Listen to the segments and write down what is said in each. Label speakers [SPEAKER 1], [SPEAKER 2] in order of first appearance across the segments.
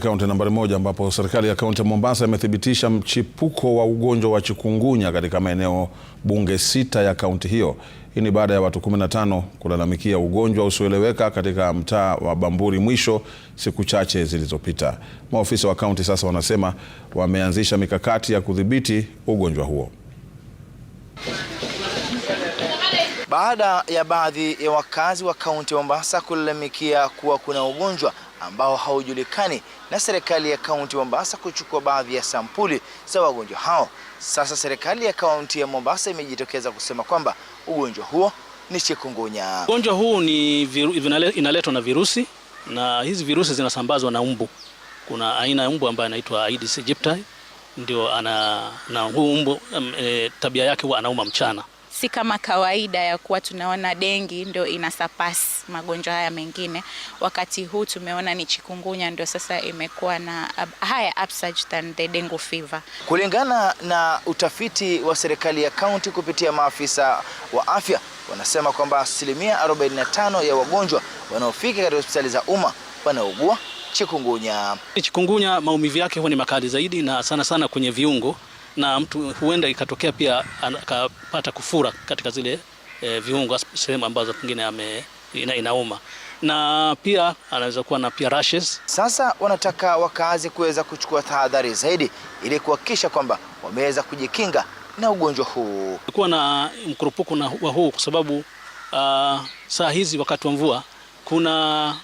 [SPEAKER 1] Kaunti nambari moja ambapo serikali ya kaunti ya Mombasa imethibitisha mchipuko wa ugonjwa wa chikungunya katika maeneo bunge sita ya kaunti hiyo. Hii ni baada ya watu 15 kulalamikia ugonjwa usioeleweka katika mtaa wa Bamburi Mwisho siku chache zilizopita. Maofisa wa kaunti sasa wanasema wameanzisha mikakati ya kudhibiti ugonjwa huo.
[SPEAKER 2] Baada ya baadhi ya wakazi wa kaunti ya Mombasa kulalamikia kuwa kuna ugonjwa ambao haujulikani na serikali ya kaunti Mombasa kuchukua baadhi ya sampuli za wagonjwa hao. Sasa serikali ya kaunti ya Mombasa imejitokeza kusema kwamba ugonjwa huo ni chikungunya.
[SPEAKER 3] Ugonjwa huu ni inaletwa na virusi, na hizi virusi zinasambazwa na mbu. Kuna aina ya mbu ambaye anaitwa Aedes aegypti ndio ana, na huu mbu e, tabia yake huwa anauma mchana
[SPEAKER 4] si kama kawaida ya kuwa tunaona dengi ndio inasapas magonjwa haya mengine. Wakati huu tumeona ni chikungunya ndio sasa imekuwa na haya uh, upsurge than the dengue fever.
[SPEAKER 2] Kulingana na utafiti wa serikali ya kaunti kupitia maafisa wa afya, wanasema kwamba asilimia 45 ya wagonjwa wanaofika katika hospitali za umma wanaugua chikungunya.
[SPEAKER 3] Chikungunya maumivu yake huwa ni makali zaidi na sana sana kwenye viungo na mtu huenda ikatokea pia akapata kufura katika zile e, viungo sehemu ambazo pengine ame ina, inauma na pia anaweza kuwa na pia rashes.
[SPEAKER 2] Sasa wanataka wakazi kuweza kuchukua tahadhari zaidi ili kuhakikisha kwamba wameweza kujikinga na ugonjwa huu.
[SPEAKER 3] Kuwa na mkurupuko na wa huu kwa sababu uh, saa hizi wakati wa mvua kuna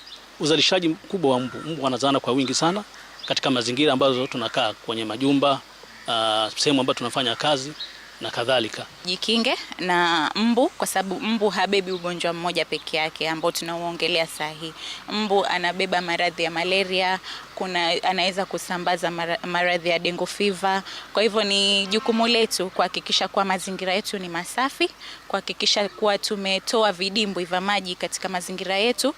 [SPEAKER 3] uzalishaji mkubwa wa mbu. Mbu wanazaana kwa wingi sana katika mazingira ambazo tunakaa kwenye majumba uh, sehemu ambayo tunafanya kazi na kadhalika.
[SPEAKER 4] Jikinge na mbu kwa sababu mbu habebi ugonjwa mmoja peke yake ambao tunauongelea saa hii. Mbu anabeba maradhi ya malaria, kuna anaweza kusambaza maradhi ya dengo fever. Kwa hivyo ni jukumu letu kuhakikisha kuwa mazingira yetu ni masafi, kuhakikisha kuwa tumetoa vidimbwi vya maji katika mazingira yetu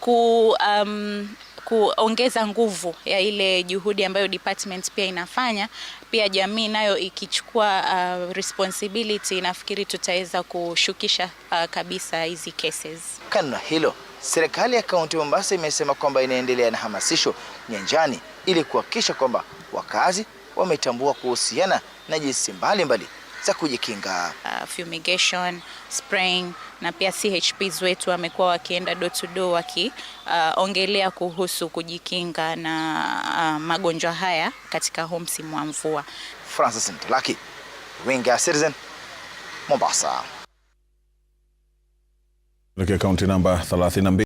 [SPEAKER 4] ku um, kuongeza nguvu ya ile juhudi ambayo department pia inafanya, pia jamii nayo ikichukua uh, responsibility, nafikiri tutaweza kushukisha uh, kabisa hizi cases.
[SPEAKER 2] Kando na hilo, serikali ya kaunti Mombasa imesema kwamba inaendelea na hamasisho nyanjani ili kuhakikisha kwamba wakazi wametambua kuhusiana na jinsi mbalimbali za kujikinga
[SPEAKER 4] uh, fumigation, spraying na pia CHPs wetu wamekuwa wakienda door to door wakiongelea uh, kuhusu kujikinga na uh, magonjwa haya katika huu msimu wa mvua.
[SPEAKER 2] Francis Mtalaki, Winga ya Citizen, Mombasa. Kaunti namba 32